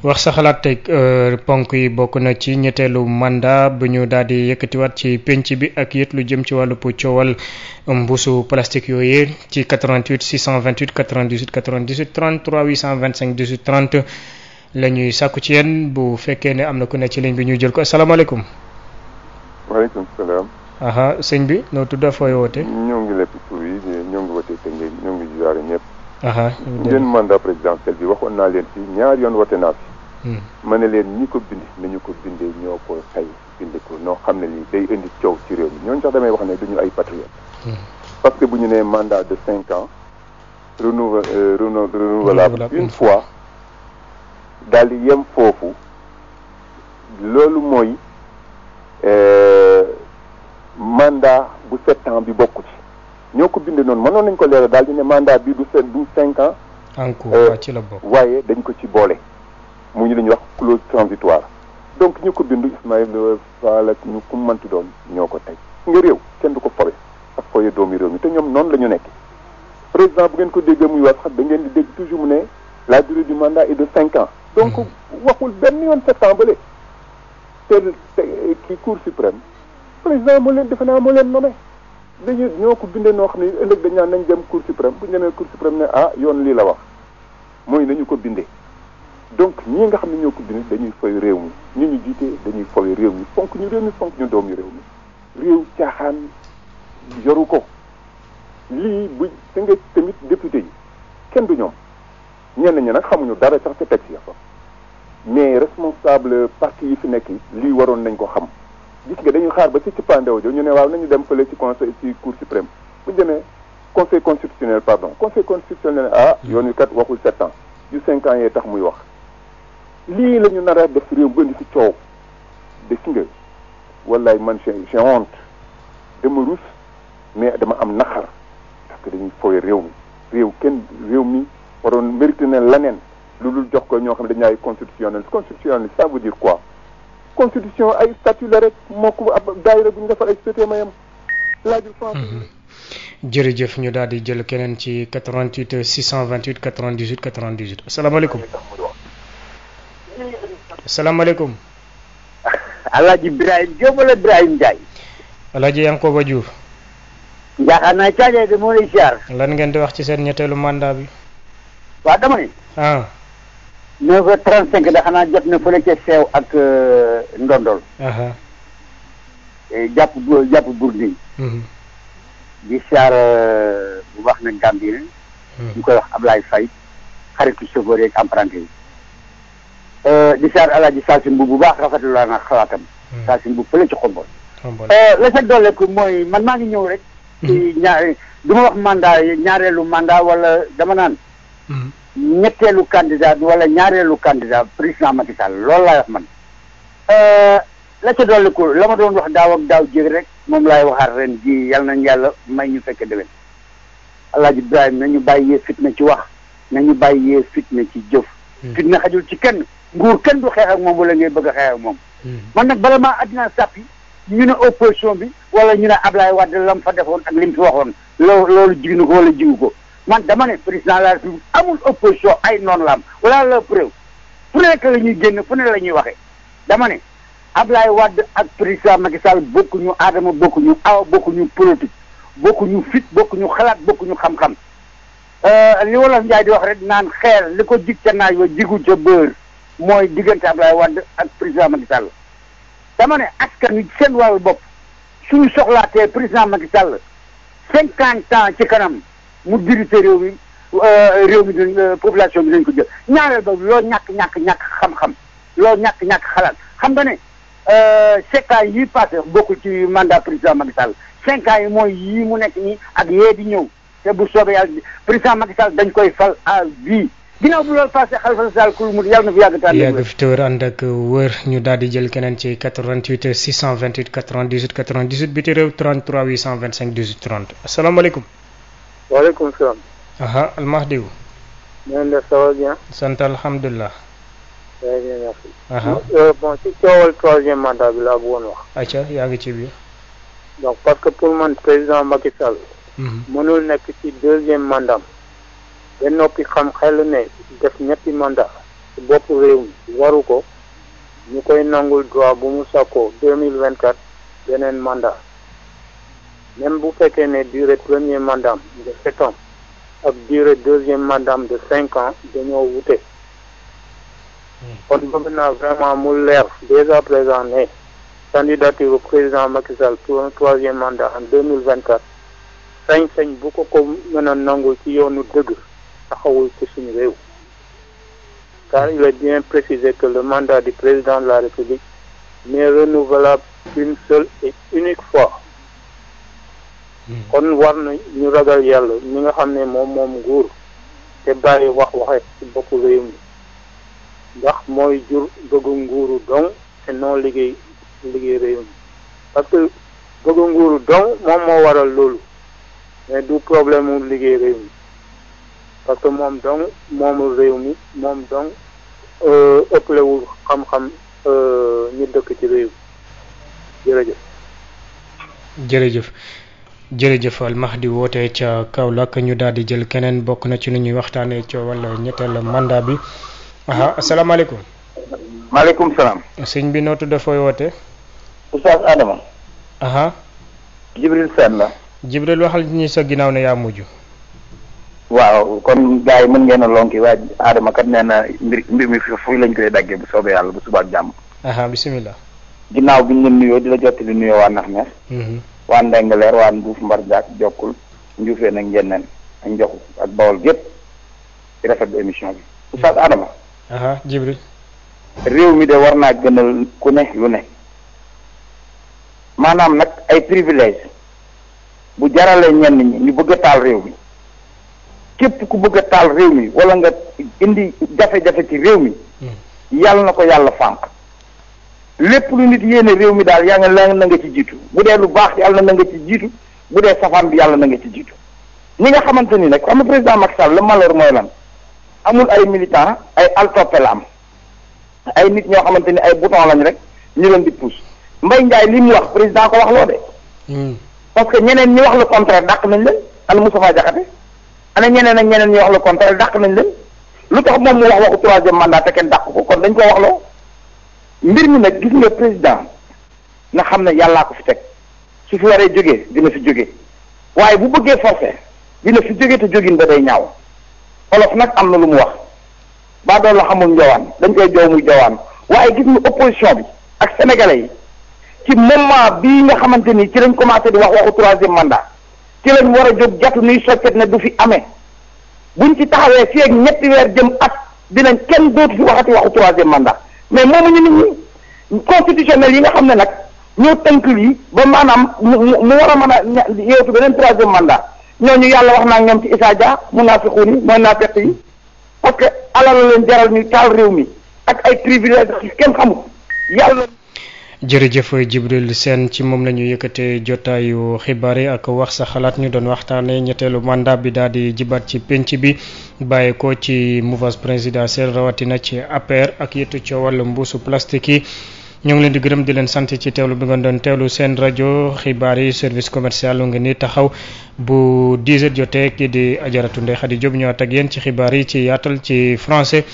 wax sa xalaat teg euh, ponk yi bokk na ci ñetteelu mandat bu ñu daal di yëkkatiwaat ci penc bi ak yët lu jëm ci wàllu coowal mbuusu plastique yooyu ci 88 628 98 98 33 825 18 30 la ñuy sàkku ci yéen bu fekkee ne am na ku ne ci ligne bi ñuy jël ko asalaamaaleykum. waaleykum salaam. bi noo tudd a fooy woote. ñoo ngi lépp tur ñoo ngi wootee Tëngéej ñoo ngi ziare présidentiel bi waxoon naa leen fii ñaar yoon wote naa fi. ma ne leen ñi ko bind nañu ko bindee ñoo ko fay bind ko noo xam ne lii day indi coow ci réew mi ñooñu sax damay wax ne duñu ay patriote hmm. parce que bu ñu nee mandat de cinq ans renouve euh, renouvelable une fois daal di yem foofu loolu mooy euh, mandat bu sept ans bi bokku ci ñoo ko bindee noonu mënoon nañ ko leeral daal di ne mandat bi du sept du cinq ans. Euh, ci la waaye dañ ko ci boole. mu ñu lu ñuy wax clause transitoire donc ñu ko bindu Ismaïla Fall ak ñu ku mënti doon ñoo ko tey nga réew kenn du ko fowe ak fowe doomi réew mi te ñoom noon la nekk président bu ngeen ko déggee muy wax sax da ngeen di dégg toujours mu ne la durée du mandat est de cinq ans donc hmm. waxul benn yoon sept le bële te kii cour suprême président moo leen defe naa moo leen nommé dañu ñoo ko bindee noo xam ne ëllëg dañ naan nañ dem cour suprême bu ñu demee suprême ne ah yoon lii la wax mooy nañu ko bindee donc ñii nga xam ne ñoo ko bind dañuy foy réew mi ñu ñu jiite dañuy foy réew mi fonk ñu réew mi fonk ñu doomi réew mi réew caaxaan yoru ko lii bu si nga tamit député yi kenn du ñoom ñenn ñi nag xamuñu dara sax te teg si fa mais responsable parti yi fi nekk lii waroon nañ ko xam gis nga dañuy xaar ba ci pandew jo ñu ne waaw nañu dem fële ci conseil ci cour suprême bu demee conseil constitutionnel pardon conseil constitutionnel ah yoon yu kat waxul sept ans yu cinq ans tax muy wax lii la ñu nar a def réew bënd ci coow dëkk nga wallaay man j'ai honte dama rus mais dama am naqar parce que dañuy fooy réew mi réew kenn réew mi waroon mérité na leneen lu dul jox ko ñoo xam ne dañu ay constitutionnel constitutionnel ça veut dire quoi constitution ay statut la rek moo ko ab daayira bu ñu defal ay société mayam laajul France mhm. jërëjëf ñu daal di jël keneen ci 88 628 98 98 salaamaaleykum. Alaaji Ibrahima Diop wala Ibrahima Ndiaye. Alaaji Yankoba Diouf. yaakaar naa caa de moo lay ziar. ngeen di wax ci seen ñetteelu mandat bi. waaw dama ne. ah. 9 h da xanaa jot na fële ca seew ak euh, ndondol. E, jàpp jàpp Bourdi. Mhm. di ziar euh, bu wax na Gambie. ñu mhm. koy wax Ablaye Faye xaritu chauffeur yeeg emprunté di saar alaaji Saasi Mbuub bu baax rafetlu laa nag xalaatam. Hmm. Saasi Mbuub fële ci xombol. xombol eh, la sa dooleeku mooy man maa ngi ñëw rek. ci hmm. ñaari du ma wax mandat ñaareelu mandat wala dama naan. Hmm. ñetteelu candidat bi wala ñaareelu candidat président Macky Sall loolu laay wax man. Eh, la ca dolliku la ma doon wax daaw ak daaw jéeg rek moom laay waxaat ren ji yal nañ yàlla may ñu fekke déwén alaaji Ibrahima nañu bàyyi yee fitna ci wax nañu bàyyi yee fitna ci jëf. fitna xajul ci kenn. nguur kenn du xeex ak moom la ngay bëgg a xeex moom. Hmm. man nag bala maa àddina sàppi ñu ne opposition bi wala ñu ne Ablaye Wade la mu fa defoon ak li mu fi waxoon loolu loolu jig ko wala jigu ko man dama ne président de la République amul opposition ay noon la am wala la preuve fu nekk la ñuy génn fu ne la ñuy waxee dama ne Ablaye Wade ak président Macky Sall bokkuñu aadama bokkuñu aw bokkuñu politique bokkuñu fit bokkuñu xalaat bokkuñu xam-xam euh, li wolof Njaay wax rek naan xeer li ko jig ca naaj wa jigu mooy diggante Abdoulaye Wade ak président Macky Sall dama ne askan wi seen wàllu bopp suñu soxlaatee président Macky Sall cinquante ans ci kanam mu dirite réew mi euh, réew mi dañ euh, population bi dañ ko jël ñaareel ba loo ñàkk ñàkk ñàkk xam-xam loo ñàkk ñàkk xalaat xam nga ne euh, cinq ans yii passé bokk ci mandat président Macky Sall yi mooy yii mu nekk nii ak yee di ñëw te bu soobee yàlla président Macky Sall dañ koy fal à ginnaaw bu loolu passé xalifa sall kul mu yàlla na fi yàgg fi tëwër ànd ak wër ñu daal di jël keneen ci 88 628 98 98 bi ci réew 33 825 18 30 asalaamaaleykum. waaleykum salaam. aha almahdi wu. na ngeen def ça va bien. sant alhamdulilah. très bien merci. aha euh, bon ci coowal troisième mandat bi laa bëggoon wax. acca yaa ngi ci biir. donc parce que pour man président Macky Sall. Mhm. mënul nekk ci deuxième mandat te noppi xam xel ne def ñetti mandat ci bopp réew mi waru ko ñu koy nangul droit bu mu sakkoo deux mille vingt quatre beneen mandat même bu fekkee ne durée premier mandat de sept ans ak durée deuxième mandat de cinq ans dañoo wute. Hmm. kon bëgg na vraiment mu leer dès à présent ne candidature président Macky Sall pour troisième mandat en deux mille vingt quatre sañ-sañ bu ko ko mën a nangu ci yoonu dëgg. taxawul ci suñu réew car il est bien précisé que le mandat du président de la République n'est renouvelable qu'une seule et unique fois hmm. kon war na ñu ragal yàlla ñi nga xam ne moom moom nguur te bàyyi wax waxe ci bopp réew mi ndax mooy jur bëggu nguuru dong te noo liggéey liggéey réew mi parce que bëggu nguuru dong moom moo waral loolu mais du problème mu liggéey réew mi parce que moom dong moomul réew mi moom dong euh, ëpplewul xam-xam euh, ñu dëkk ci réew mi jërëjëf. jërëjëf. jërëjëf Almahdi woote ca Kaolack ñu daal di jël keneen bokk na ci lu ñuy waxtaanee ci wala ñetteel mandat bi aha asalaamaaleykum. maaleykum salaam. sëñ bi noo tudd woote. Oustaz Adama. aha. Jibril Sène la. Jibril waxal ñu sa ginnaaw ne yaa mujj. waaw kon gars yi mën ngeen a lonki waaye Adama kat nee na mbir mbir mi fu lañ koy daggee bu soobee yàlla bu subaak jàmm. bisimilah. ginnaaw bi ñu nuyoo di jot jottali nuyoo waa nax neex mhm. waa Ndengaleer waa Nduuf Mbar Jaak Jokkul Njuufeen ak Njenneen Njoxu ak Bawol gépp ci rafetlu émission bi. Oustaz Adama. Jibril. réew mi de war naa gënal ku ne lu ne. maanaam nag ay privilège bu jarale ñenn ñi ñu bëgg taal réew mi. képp ku bëgg a taal réew mi walla nga indi jafe-jafe ci réew mi hmm. yàlla na ko yàlla fànq lépp lu nit yéene réew mi daal yaa nga la na nga ci jiitu bu dee lu baax yàlla na nga ci jiitu bu dee safaan bi yàlla na nga ci jiitu ñi nga xamante ni nag xam nga président Macky Sall le malheur mooy lan amul ay militant ay altoppe am ay nit ñoo xamante ni ay bouton lañ rek ñu leen di pousse Mbaye Ndiaye li mu wax président ko wax loo de hmm. parce que ñeneen ñi wax le contraire dàq nañ leen ana Moustapha Diakhaté ana ñeneen a ñeneen ñu wax le contraire dàq nañ leen lu tax moom mu wax waxu troisième mandat te kenn dàq ko kon dañ ko wax loo mbir mi nag gis nga président na xam ne yàllaa ko fi teg su fi waree jógee dina fi jóge waaye bu bëggee forcé dina fi jóge te jógin ba day ñaaw olof nag am na lu mu wax baa doon la xamul njowaan dañ koy joow muy jowaan waaye gis nga opposition bi ak sénégalais yi ci moment bii nga xamante ni ci lañ commencé di wax waxu troisième mandat ci lañ war a jóg jatu nuy soccet ne du fi amee ñu ci taxawee fii ak ñetti weer jëm at dinañ kenn dootu fi waxati waxu troisième mandat mais moomuñu nit ñi constitutionnel yi nga xam ne nag ñoo tënk lii ba maanaam mu mu war a mën a yeewtu beneen troisième mandat ñooñu yàlla wax naa ñoom ci Issa Dia munaafiquun yi naa naafeq yi parce que alal la leen jaral ñu taal réew mi ak ay privilèges yu kenn xamul yàlla. jërëjëf Jibril seen ci moom la ñu yëkkatee jotaayu xibaar yi ak wax sa xalaat ñu doon waxtaanee ñetteelu mandat bi daal di jibaat ci pénc bi bàyyi ko ci mouvance présidentielle rawatina ci APR ak yëttu ci wàllu mbuusu plastique yi ñoo ngi leen di gërëm di leen sant ci teewlu bi nga doon teewlu seen rajo xibaar yi service commercial nga ni taxaw bu 10 heures jotee kii di ajaratu Ndeye Khady Diop ñëwaat ak yéen ci xibaar yi ci yaatal ci français.